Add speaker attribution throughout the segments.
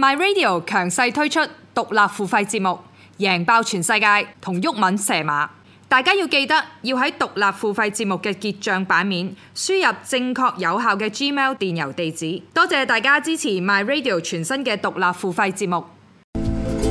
Speaker 1: My Radio 強勢推出獨立付費節目，贏爆全世界同毓民蛇馬。大家要記得要喺獨立付費節目嘅結帳版面輸入正確有效嘅 Gmail 電郵地址。多謝大家支持 My Radio 全新嘅獨立付費節目。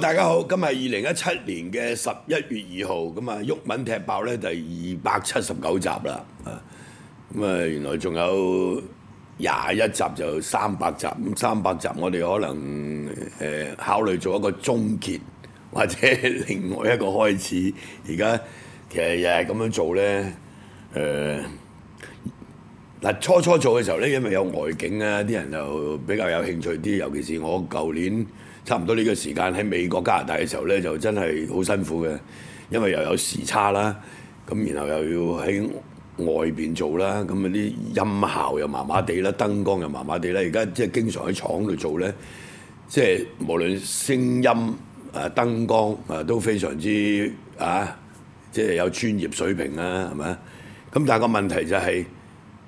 Speaker 1: 大家好，今日二零一七年嘅十一月二號，咁啊，毓民踢爆咧，第二百七十九集啦，啊，咁啊，原來仲有廿一集就三百集，咁三百集我哋可能誒、呃、考慮做一個終結，或者另外一個開始。而家其實又係咁樣做咧，誒、呃，嗱，初初做嘅時候咧，因為有外景啊，啲人就比較有興趣啲，尤其是我舊年。差唔多呢個時間喺美國加拿大嘅時候呢，就真係好辛苦嘅，因為又有時差啦，咁然後又要喺外邊做啦，咁啊啲音效又麻麻地啦，燈光又麻麻地啦。而家即係經常喺廠度做呢，即係無論聲音啊、燈光啊都非常之啊，即係有專業水平啦，係咪啊？咁但係個問題就係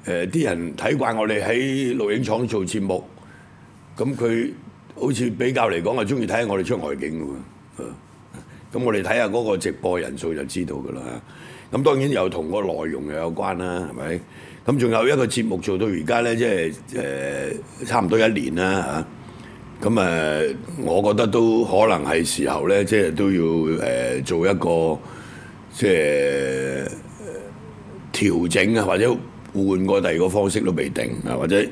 Speaker 1: 呃、啲人睇慣我哋喺錄影廠做節目，咁佢。好似比較嚟講，係中意睇下我哋出外景，咁我哋睇下嗰個直播人數就知道㗎啦。咁當然又同嗰內容又有關啦，係咪？咁仲有一個節目做到而家呢，即係誒、呃、差唔多一年啦嚇。咁、啊、誒、呃，我覺得都可能係時候呢，即係都要誒、呃、做一個即係調整啊，或者換個第二個方式都未定啊，或者。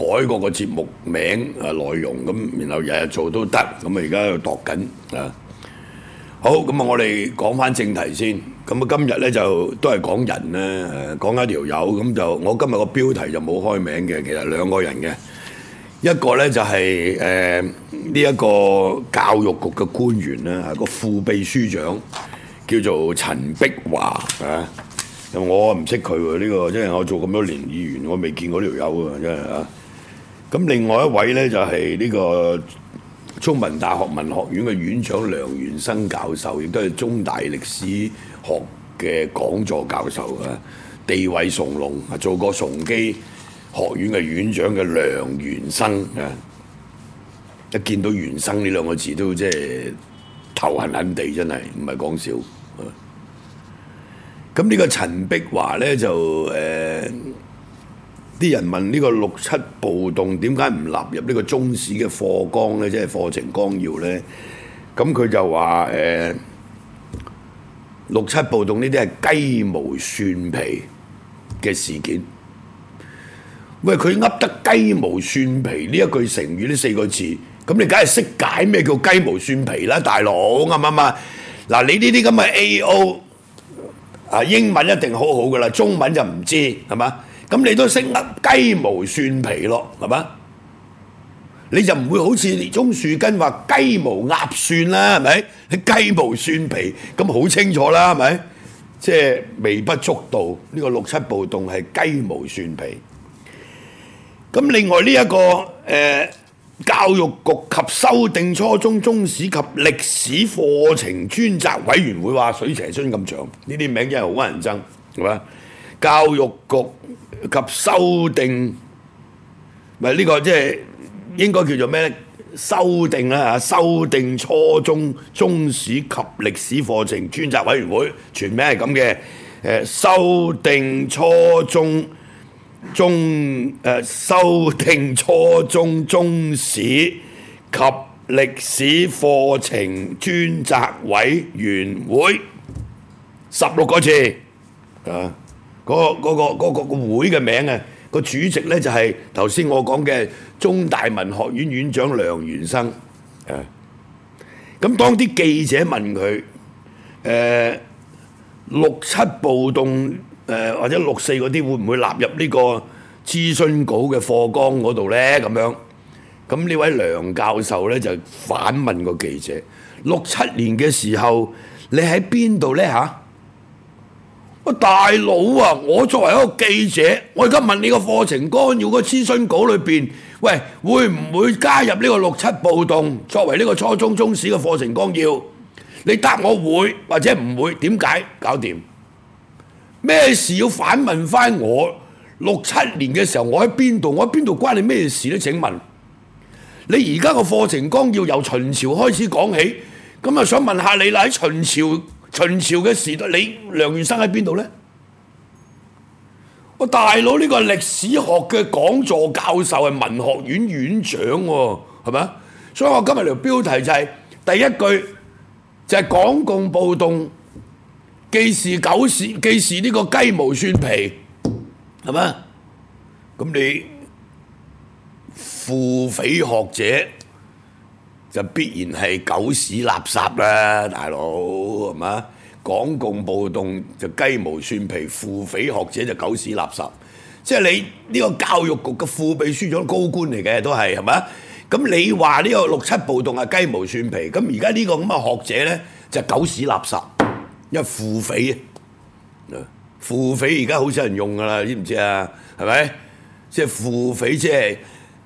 Speaker 1: 改過個節目名啊內容咁，然後日日做都得咁啊！而家喺度度緊啊。好咁啊，我哋講翻正題先。咁啊，今日咧就都係講人咧，講一條友咁就我今日個標題就冇開名嘅，其實兩個人嘅一個咧就係誒呢一個教育局嘅官員咧，係、啊、個副秘書長叫做陳碧華啊。我唔識佢喎，呢、這個因為我做咁多年議員，我未見過呢條友啊，真係啊！咁另外一位呢，就係、是、呢個中文大學文學院嘅院長梁元生教授，亦都係中大歷史學嘅講座教授啊。地位崇隆啊，做過崇基學院嘅院長嘅梁元生啊，一見到元生呢兩個字都即係頭痕痕地，真係唔係講笑。咁、啊、呢個陳碧華呢，就誒。呃啲人問呢個六七暴動點解唔納入呢個中史嘅課綱呢？即係課程綱要呢。咁佢就話誒、呃、六七暴動呢啲係雞毛蒜皮嘅事件。喂，佢噏得雞毛蒜皮呢一句成語呢四個字，咁你梗係識解咩叫雞毛蒜皮啦，大佬咁啊嘛。嗱，你呢啲咁嘅 AO 啊，英文一定好好噶啦，中文就唔知係嘛？是咁你都識得雞毛蒜皮咯，係嘛？你就唔會好似鍾樹根話雞毛鴨蒜啦，係咪？你雞毛蒜皮咁好清楚啦，係咪？即係微不足道。呢個六七暴動係雞毛蒜皮。咁另外呢一個誒教育局及修訂初中中史及歷史課程專責委員會話水蛇春咁長，呢啲名真係好難憎，係嘛？教育局。及修訂，唔係呢個，即係應該叫做咩咧？修訂啦嚇，修訂初中中史及歷史課程專責委員會全名係咁嘅。誒，修訂初中中誒，修訂初中中史及歷史課程專責委員會，十六個字啊！個嗰、個嗰、個、個會嘅名啊，個主席咧就係頭先我講嘅中大文學院院長梁元生。誒、啊，咁當啲記者問佢誒、呃、六七暴動誒、呃、或者六四嗰啲會唔會納入個諮詢呢個諮詢稿嘅課綱嗰度咧？咁樣，咁呢位梁教授咧就反問個記者：六七年嘅時候你喺邊度咧？嚇、啊？個大佬啊！我作為一個記者，我而家問你個課程綱要嗰諮詢稿裏邊，喂，會唔會加入呢個六七暴動作為呢個初中中史嘅課程綱要？你答我會或者唔會？點解？搞掂？咩事要反問翻我？六七年嘅時候我喺邊度？我喺邊度關你咩事咧？請問你而家個課程綱要由秦朝開始講起，咁啊想問下你啦喺秦朝。秦朝嘅時代，你梁元生喺邊度呢？我大佬呢、呢個歷史學嘅講座教授係文學院院長喎，哦，係咪啊？所以我今日條標題就係、是、第一句就係港共暴動，既是狗屎，既是呢個雞毛蒜皮，係咪啊？咁你附匪學者？就必然係狗屎垃圾啦，大佬係嘛？港共暴動就雞毛蒜皮，附匪學者就狗屎垃圾。即係你呢個教育局嘅副秘書長高官嚟嘅，都係係咪？咁你話呢個六七暴動係雞毛蒜皮，咁而家呢個咁嘅學者呢，就狗屎垃圾，因為附匪啊，附匪而家好少人用噶啦，知唔知啊？係咪？即係附匪即係。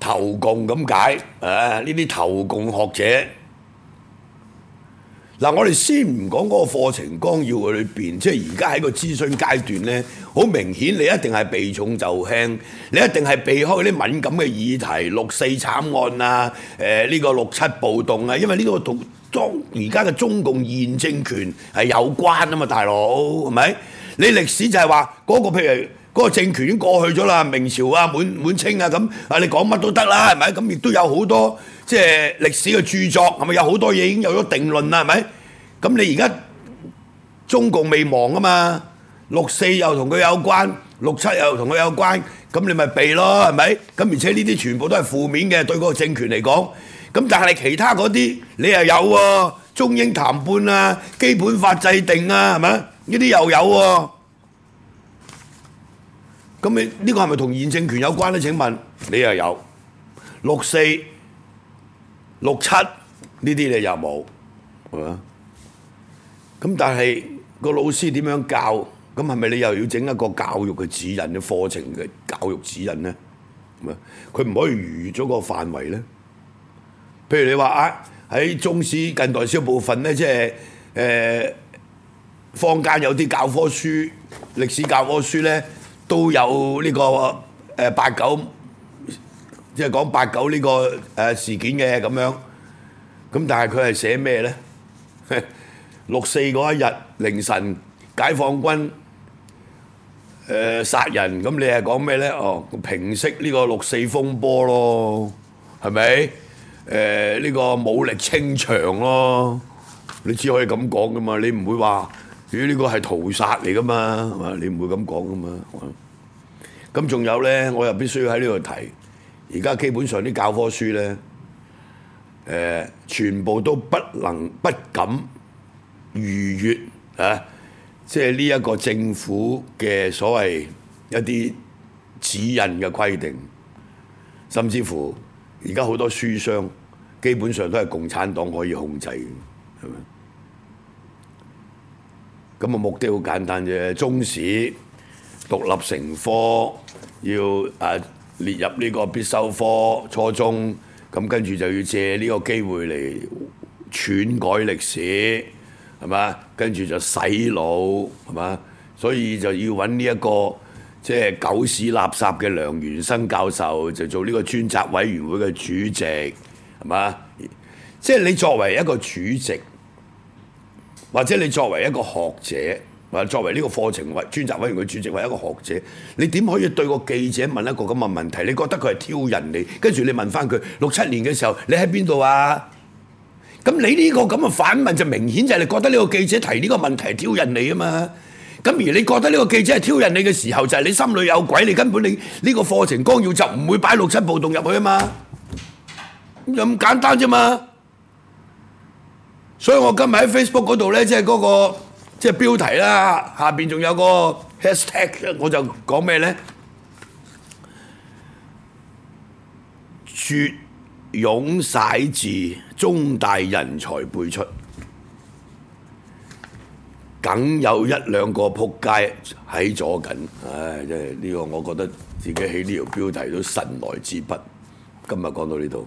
Speaker 1: 投共咁解，啊呢啲投共學者，嗱、啊、我哋先唔講嗰個課程綱要裏邊，即係而家喺個諮詢階段呢，好明顯你一定係避重就輕，你一定係避開啲敏感嘅議題，六四慘案啊，誒、呃、呢、這個六七暴動啊，因為呢個同中而家嘅中共現政權係有關啊嘛，大佬係咪？你歷史就係話嗰個譬如。嗰個政權已經過去咗啦，明朝啊、滿滿清啊咁啊，你講乜都得啦，係咪？咁亦都有好多即係歷史嘅著作，係咪？有好多嘢已經有咗定論啦，係咪？咁你而家中共未亡啊嘛，六四又同佢有關，六七又同佢有關，咁你咪避咯，係咪？咁而且呢啲全部都係負面嘅對嗰個政權嚟講，咁但係其他嗰啲你又有喎，中英談判啊、基本法制定啊，係咪？呢啲又有喎。咁你呢個係咪同現政權有關咧？請問你又有六四、六七呢啲你又冇係嘛？咁但係個老師點樣教？咁係咪你又要整一個教育嘅指引嘅課程嘅教育指引咧？咁佢唔可以逾咗個範圍咧。譬如你話啊，喺中史近代小部分咧，即係誒坊間有啲教科書、歷史教科書咧。都有呢個誒八九，即係講八九呢個誒事件嘅咁樣，咁但係佢係寫咩咧？六四嗰一日凌晨，解放軍誒殺人，咁你係講咩咧？哦，平息呢個六四風波咯，係咪？誒呢個武力清場咯，你只可以咁講噶嘛，你唔會話。主要呢個係屠殺嚟噶嘛，係嘛？你唔會咁講噶嘛？咁仲有呢，我又必須要喺呢度提，而家基本上啲教科書呢，誒、呃，全部都不能、不敢逾越啊！即係呢一個政府嘅所謂一啲指引嘅規定，甚至乎而家好多書商基本上都係共產黨可以控制嘅，係咪？咁啊目的好簡單嘅，中史獨立成科，要誒列入呢個必修科，初中咁，跟住就要借呢個機會嚟篡改歷史，係嘛？跟住就洗腦，係嘛？所以就要揾呢一個即係狗屎垃圾嘅梁元生教授，就做呢個專責委員會嘅主席，係嘛？即係你作為一個主席。或者你作為一個學者，啊，作為呢個課程委專責委員會主席，為一個學者，你點可以對個記者問一個咁嘅問題？你覺得佢係挑釁你？跟住你問翻佢六七年嘅時候，你喺邊度啊？咁你呢個咁嘅反問就明顯就係你覺得呢個記者提呢個問題挑釁你啊嘛！咁而你覺得呢個記者係挑釁你嘅時候，就係你心裏有鬼，你根本你呢個課程綱要就唔會擺六七暴動入去啊嘛！咁咁簡單啫嘛！所以我今日喺 Facebook 嗰度呢，即係嗰個即係、就是、標題啦，下邊仲有個 hashtag，我就講咩呢？「絕擁曬字，中大人才輩出，梗有一兩個撲街喺左近。唉，真係呢、這個我覺得自己起呢條標題都神來之筆。今日講到呢度。